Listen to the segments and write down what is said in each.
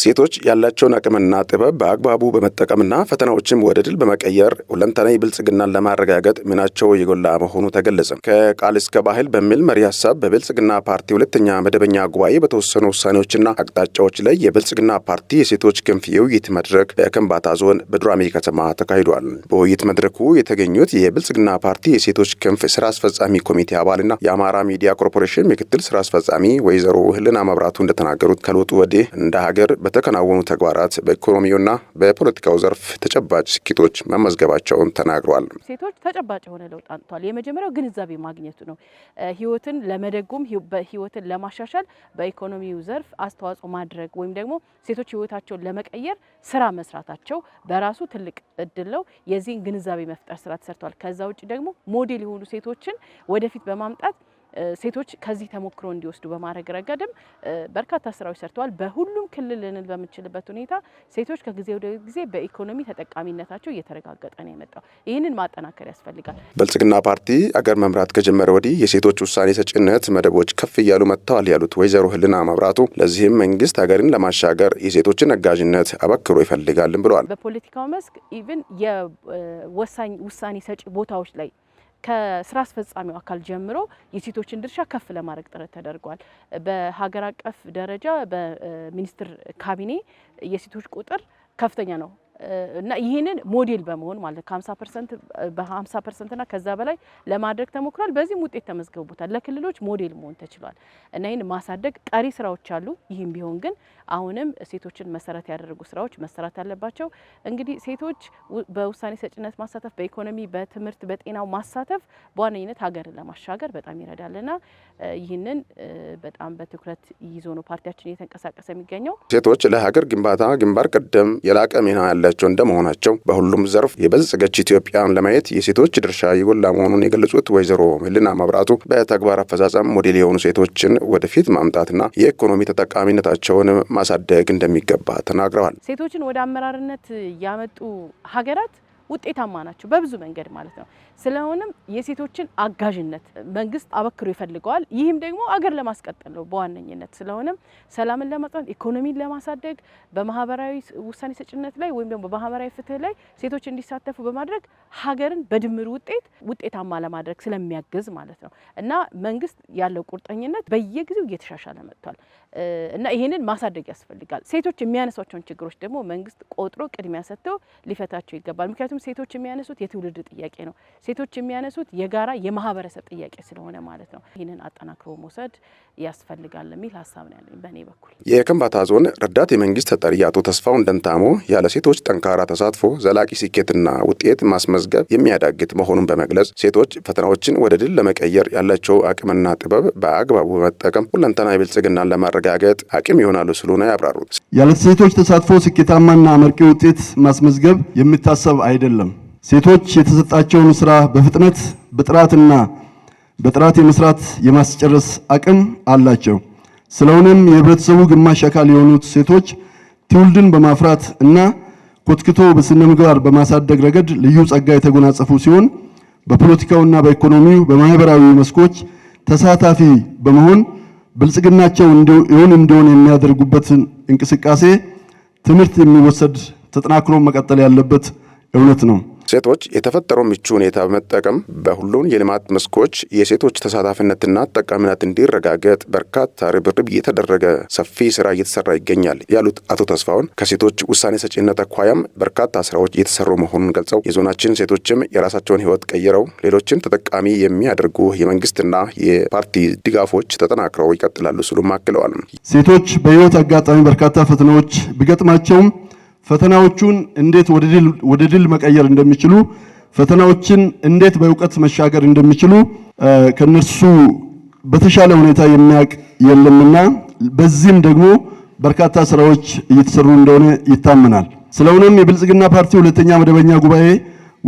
ሴቶች ያላቸውን አቅምና ጥበብ በአግባቡ በመጠቀምና ፈተናዎችም ወደ ድል በመቀየር ሁለንተናዊ ብልጽግናን ለማረጋገጥ ሚናቸው የጎላ መሆኑ ተገለጸ። ከቃል እስከ ባህል በሚል መሪ ሀሳብ በብልጽግና ፓርቲ ሁለተኛ መደበኛ ጉባኤ በተወሰኑ ውሳኔዎችና አቅጣጫዎች ላይ የብልጽግና ፓርቲ የሴቶች ክንፍ የውይይት መድረክ በከምባታ ዞን በዱራሜ ከተማ ተካሂዷል። በውይይት መድረኩ የተገኙት የብልጽግና ፓርቲ የሴቶች ክንፍ ስራ አስፈጻሚ ኮሚቴ አባልና የአማራ ሚዲያ ኮርፖሬሽን ምክትል ስራ አስፈጻሚ ወይዘሮ ህልና መብራቱ እንደተናገሩት ከለውጡ ወዲህ እንደ ሀገር በተከናወኑ ተግባራት በኢኮኖሚውና በፖለቲካው ዘርፍ ተጨባጭ ስኬቶች መመዝገባቸውን ተናግሯል። ሴቶች ተጨባጭ የሆነ ለውጥ አንጥቷል። የመጀመሪያው ግንዛቤ ማግኘቱ ነው። ህይወትን ለመደጎም ህይወትን ለማሻሻል በኢኮኖሚው ዘርፍ አስተዋጽኦ ማድረግ ወይም ደግሞ ሴቶች ህይወታቸውን ለመቀየር ስራ መስራታቸው በራሱ ትልቅ እድል ነው። የዚህን ግንዛቤ መፍጠር ስራ ተሰርተዋል። ከዛ ውጭ ደግሞ ሞዴል የሆኑ ሴቶችን ወደፊት በማምጣት ሴቶች ከዚህ ተሞክሮ እንዲወስዱ በማድረግ ረገድም በርካታ ስራዎች ሰርተዋል። በሁሉም ክልል ልንል በምንችልበት ሁኔታ ሴቶች ከጊዜ ወደ ጊዜ በኢኮኖሚ ተጠቃሚነታቸው እየተረጋገጠ ነው የመጣው። ይህንን ማጠናከር ያስፈልጋል። ብልጽግና ፓርቲ አገር መምራት ከጀመረ ወዲህ የሴቶች ውሳኔ ሰጭነት መደቦች ከፍ እያሉ መጥተዋል ያሉት ወይዘሮ ህልና መብራቱ፣ ለዚህም መንግስት ሀገርን ለማሻገር የሴቶችን አጋዥነት አበክሮ ይፈልጋልም ብለዋል። በፖለቲካው መስክ ኢቭን የወሳኝ ውሳኔ ሰጪ ቦታዎች ላይ ከስራ አስፈጻሚው አካል ጀምሮ የሴቶችን ድርሻ ከፍ ለማድረግ ጥረት ተደርጓል። በሀገር አቀፍ ደረጃ በሚኒስትር ካቢኔ የሴቶች ቁጥር ከፍተኛ ነው። እና ይህንን ሞዴል በመሆን ማለት ከ50 እና ከዛ በላይ ለማድረግ ተሞክሯል። በዚህም ውጤት ተመዝግቦታል። ለክልሎች ሞዴል መሆን ተችሏል እና ይህን ማሳደግ ቀሪ ስራዎች አሉ። ይህም ቢሆን ግን አሁንም ሴቶችን መሰረት ያደረጉ ስራዎች መሰራት አለባቸው። እንግዲህ ሴቶች በውሳኔ ሰጭነት ማሳተፍ፣ በኢኮኖሚ፣ በትምህርት፣ በጤናው ማሳተፍ በዋነኝነት ሀገርን ለማሻገር በጣም ይረዳልና ይህንን በጣም በትኩረት ይዞ ነው ፓርቲያችን እየተንቀሳቀሰ የሚገኘው። ሴቶች ለሀገር ግንባታ ግንባር ቀደም የላቀ ሚና ያላቸው እንደመሆናቸው በሁሉም ዘርፍ የበለጸገች ኢትዮጵያን ለማየት የሴቶች ድርሻ የጎላ መሆኑን የገለጹት ወይዘሮ ህሊና መብራቱ በተግባር አፈጻጸም ሞዴል የሆኑ ሴቶችን ወደፊት ማምጣትና የኢኮኖሚ ተጠቃሚነታቸውን ማሳደግ እንደሚገባ ተናግረዋል። ሴቶችን ወደ አመራርነት ያመጡ ሀገራት ውጤታማ ናቸው በብዙ መንገድ ማለት ነው። ስለሆነም የሴቶችን አጋዥነት መንግስት አበክሮ ይፈልገዋል። ይህም ደግሞ አገር ለማስቀጠል ነው በዋነኝነት። ስለሆነም ሰላምን ለማጽናት፣ ኢኮኖሚን ለማሳደግ፣ በማህበራዊ ውሳኔ ሰጭነት ላይ ወይም ደግሞ በማህበራዊ ፍትህ ላይ ሴቶች እንዲሳተፉ በማድረግ ሀገርን በድምር ውጤት ውጤታማ ለማድረግ ስለሚያግዝ ማለት ነው እና መንግስት ያለው ቁርጠኝነት በየጊዜው እየተሻሻለ መጥቷል እና ይህንን ማሳደግ ያስፈልጋል። ሴቶች የሚያነሷቸውን ችግሮች ደግሞ መንግስት ቆጥሮ ቅድሚያ ሰጥተው ሊፈታቸው ይገባል ምክንያቱም ምክንያቱም ሴቶች የሚያነሱት የትውልድ ጥያቄ ነው። ሴቶች የሚያነሱት የጋራ የማህበረሰብ ጥያቄ ስለሆነ ማለት ነው። ይህንን አጠናክሮ መውሰድ ያስፈልጋል የሚል ሀሳብ ነው ያለኝ በእኔ በኩል። የከምባታ ዞን ረዳት የመንግስት ተጠሪ አቶ ተስፋው እንደንታሞ ያለ ሴቶች ጠንካራ ተሳትፎ ዘላቂ ስኬትና ውጤት ማስመዝገብ የሚያዳግት መሆኑን በመግለጽ ሴቶች ፈተናዎችን ወደ ድል ለመቀየር ያላቸው አቅምና ጥበብ በአግባቡ በመጠቀም ሁለንተና የብልጽግናን ለማረጋገጥ አቅም ይሆናሉ ስሉ ነው ያብራሩት። ያለ ሴቶች ተሳትፎ ስኬታማና አመርቂ ውጤት ማስመዝገብ የሚታሰብ አይደ አይደለም። ሴቶች የተሰጣቸውን ስራ በፍጥነት በጥራትና በጥራት የመስራት የማስጨረስ አቅም አላቸው። ስለሆነም የህብረተሰቡ ግማሽ አካል የሆኑት ሴቶች ትውልድን በማፍራት እና ኮትክቶ በስነ ምግባር በማሳደግ ረገድ ልዩ ጸጋ የተጎናጸፉ ሲሆን በፖለቲካውና በኢኮኖሚው በማህበራዊ መስኮች ተሳታፊ በመሆን ብልጽግናቸው ይሁን እንደሆን የሚያደርጉበትን እንቅስቃሴ ትምህርት የሚወሰድ ተጠናክሮ መቀጠል ያለበት እውነት ነው። ሴቶች የተፈጠሮ ምቹ ሁኔታ በመጠቀም በሁሉን የልማት መስኮች የሴቶች ተሳታፊነትና ጠቃሚነት እንዲረጋገጥ በርካታ ርብርብ እየተደረገ ሰፊ ስራ እየተሰራ ይገኛል ያሉት አቶ ተስፋውን ከሴቶች ውሳኔ ሰጪነት አኳያም በርካታ ስራዎች እየተሰሩ መሆኑን ገልጸው የዞናችን ሴቶችም የራሳቸውን ህይወት ቀይረው ሌሎችን ተጠቃሚ የሚያደርጉ የመንግስትና የፓርቲ ድጋፎች ተጠናክረው ይቀጥላሉ ሲሉም አክለዋል። ሴቶች በህይወት አጋጣሚ በርካታ ፈተናዎች ቢገጥማቸውም ፈተናዎቹን እንዴት ወደ ድል መቀየር እንደሚችሉ፣ ፈተናዎችን እንዴት በእውቀት መሻገር እንደሚችሉ ከነሱ በተሻለ ሁኔታ የሚያውቅ የለምና በዚህም ደግሞ በርካታ ስራዎች እየተሰሩ እንደሆነ ይታመናል። ስለሆነም የብልጽግና ፓርቲ ሁለተኛ መደበኛ ጉባኤ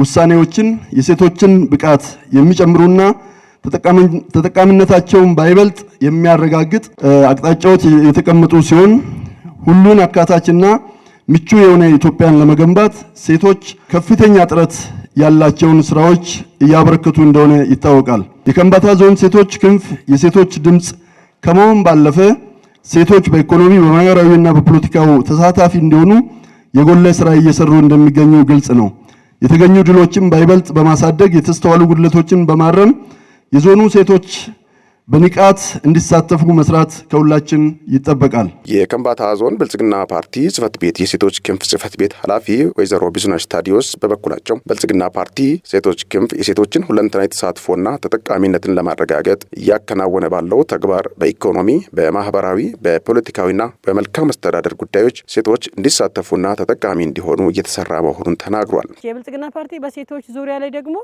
ውሳኔዎችን የሴቶችን ብቃት የሚጨምሩና ተጠቃሚነታቸውን ባይበልጥ የሚያረጋግጥ አቅጣጫዎች የተቀመጡ ሲሆን ሁሉን አካታችና ምቹ የሆነ ኢትዮጵያን ለመገንባት ሴቶች ከፍተኛ ጥረት ያላቸውን ስራዎች እያበረከቱ እንደሆነ ይታወቃል። የከምባታ ዞን ሴቶች ክንፍ የሴቶች ድምፅ ከመሆን ባለፈ ሴቶች በኢኮኖሚ በማህበራዊና በፖለቲካው ተሳታፊ እንዲሆኑ የጎለ ስራ እየሰሩ እንደሚገኙ ግልጽ ነው። የተገኙ ድሎችን በይበልጥ በማሳደግ የተስተዋሉ ጉድለቶችን በማረም የዞኑ ሴቶች በንቃት እንዲሳተፉ መስራት ከሁላችን ይጠበቃል። የከምባታ ዞን ብልጽግና ፓርቲ ጽህፈት ቤት የሴቶች ክንፍ ጽህፈት ቤት ኃላፊ ወይዘሮ ቢዙነሽ ታዲዮስ በበኩላቸው ብልጽግና ፓርቲ ሴቶች ክንፍ የሴቶችን ሁለንተናዊ ተሳትፎና ተጠቃሚነትን ለማረጋገጥ እያከናወነ ባለው ተግባር በኢኮኖሚ፣ በማህበራዊ፣ በፖለቲካዊና በመልካም አስተዳደር ጉዳዮች ሴቶች እንዲሳተፉና ተጠቃሚ እንዲሆኑ እየተሰራ መሆኑን ተናግሯል። የብልጽግና ፓርቲ በሴቶች ዙሪያ ላይ ደግሞ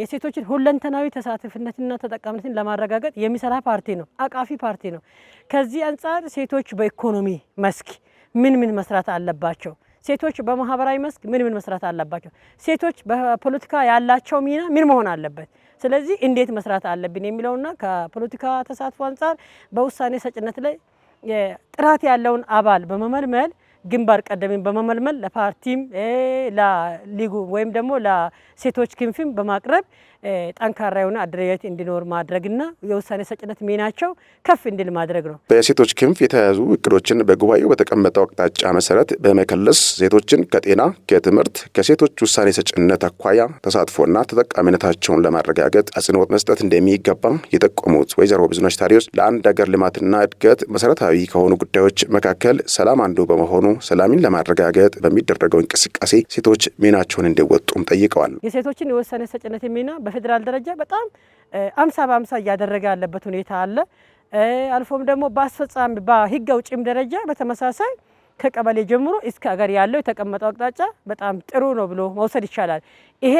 የሴቶችን ሁለንተናዊ ተሳትፍነትና ተጠቃሚነትን ለማረጋገጥ የሚሰራ ፓርቲ ነው፣ አቃፊ ፓርቲ ነው። ከዚህ አንጻር ሴቶች በኢኮኖሚ መስክ ምን ምን መስራት አለባቸው? ሴቶች በማህበራዊ መስክ ምን ምን መስራት አለባቸው? ሴቶች በፖለቲካ ያላቸው ሚና ምን መሆን አለበት? ስለዚህ እንዴት መስራት አለብን የሚለውና ከፖለቲካ ተሳትፎ አንጻር በውሳኔ ሰጭነት ላይ ጥራት ያለውን አባል በመመልመል ግንባር ቀደሚን በመመልመል ለፓርቲም ለሊጉ ወይም ደግሞ ለሴቶች ክንፍም በማቅረብ ጠንካራ የሆነ አደረጃጀት እንዲኖር ማድረግና የውሳኔ ሰጭነት ሚናቸው ከፍ እንዲል ማድረግ ነው። በሴቶች ክንፍ የተያዙ እቅዶችን በጉባኤው በተቀመጠው አቅጣጫ መሰረት በመከለስ ሴቶችን ከጤና፣ ከትምህርት፣ ከሴቶች ውሳኔ ሰጭነት አኳያ ተሳትፎና ተጠቃሚነታቸውን ለማረጋገጥ አጽንኦት መስጠት እንደሚገባ የጠቆሙት ወይዘሮ ብዙነሽ ታዲዮስ ለአንድ ሀገር ልማትና እድገት መሰረታዊ ከሆኑ ጉዳዮች መካከል ሰላም አንዱ በመሆኑ ሰላምን ለማረጋገጥ በሚደረገው እንቅስቃሴ ሴቶች ሚናቸውን እንዲወጡም ጠይቀዋል። የሴቶችን የወሰነ ሰጭነት ሚና በፌዴራል ደረጃ በጣም አምሳ በአምሳ እያደረገ ያለበት ሁኔታ አለ። አልፎም ደግሞ በአስፈጻሚ በህግ አውጪም ደረጃ በተመሳሳይ ከቀበሌ ጀምሮ እስከ አገር ያለው የተቀመጠው አቅጣጫ በጣም ጥሩ ነው ብሎ መውሰድ ይቻላል። ይሄ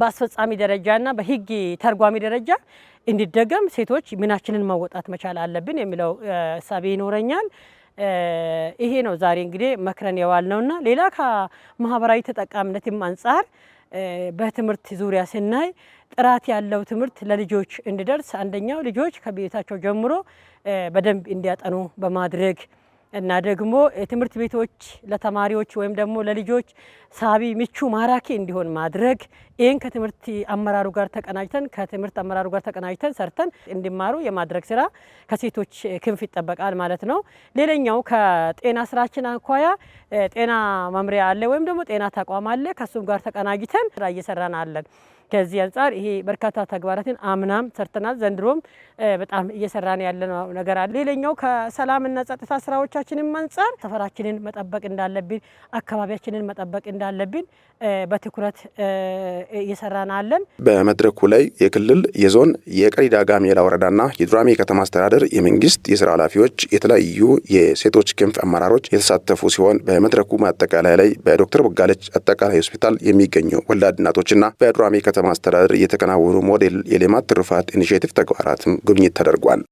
በአስፈጻሚ ደረጃና በህግ ተርጓሚ ደረጃ እንዲደገም ሴቶች ሚናችንን መወጣት መቻል አለብን የሚለው እሳቤ ይኖረኛል። ይሄ ነው ዛሬ እንግዲህ መክረን የዋል ነውና ሌላ ከማህበራዊ ተጠቃሚነትም አንጻር በትምህርት ዙሪያ ስናይ ጥራት ያለው ትምህርት ለልጆች እንዲደርስ አንደኛው ልጆች ከቤታቸው ጀምሮ በደንብ እንዲያጠኑ በማድረግ እና ደግሞ የትምህርት ቤቶች ለተማሪዎች ወይም ደግሞ ለልጆች ሳቢ፣ ምቹ፣ ማራኪ እንዲሆን ማድረግ ይህን ከትምህርት አመራሩ ጋር ተቀናጅተን ከትምህርት አመራሩ ጋር ተቀናጅተን ሰርተን እንዲማሩ የማድረግ ስራ ከሴቶች ክንፍ ይጠበቃል ማለት ነው። ሌላኛው ከጤና ስራችን አኳያ ጤና መምሪያ አለ ወይም ደግሞ ጤና ተቋም አለ። ከሱም ጋር ተቀናጅተን ስራ እየሰራን አለን። ከዚህ አንጻር ይሄ በርካታ ተግባራትን አምናም ሰርተናል። ዘንድሮም በጣም እየሰራን ያለነው ነገር አለ። ሌላኛው ከሰላምና ጸጥታ ስራዎቻችንም አንጻር ሰፈራችንን መጠበቅ እንዳለብን፣ አካባቢያችንን መጠበቅ እንዳለብን በትኩረት እየሰራን አለን። በመድረኩ ላይ የክልል የዞን የቀሪዳ ጋሜላ ወረዳና የዱራሜ ከተማ አስተዳደር የመንግስት የስራ ኃላፊዎች፣ የተለያዩ የሴቶች ክንፍ አመራሮች የተሳተፉ ሲሆን በመድረኩ ማጠቃለያ ላይ በዶክተር ቦጋለች አጠቃላይ ሆስፒታል የሚገኙ ወላድ እናቶችና በዱራሜ ከተማ አስተዳደር የተከናወኑ ሞዴል የሌማት ትሩፋት ኢኒሽቲቭ ተግባራትም ጉብኝት ተደርጓል።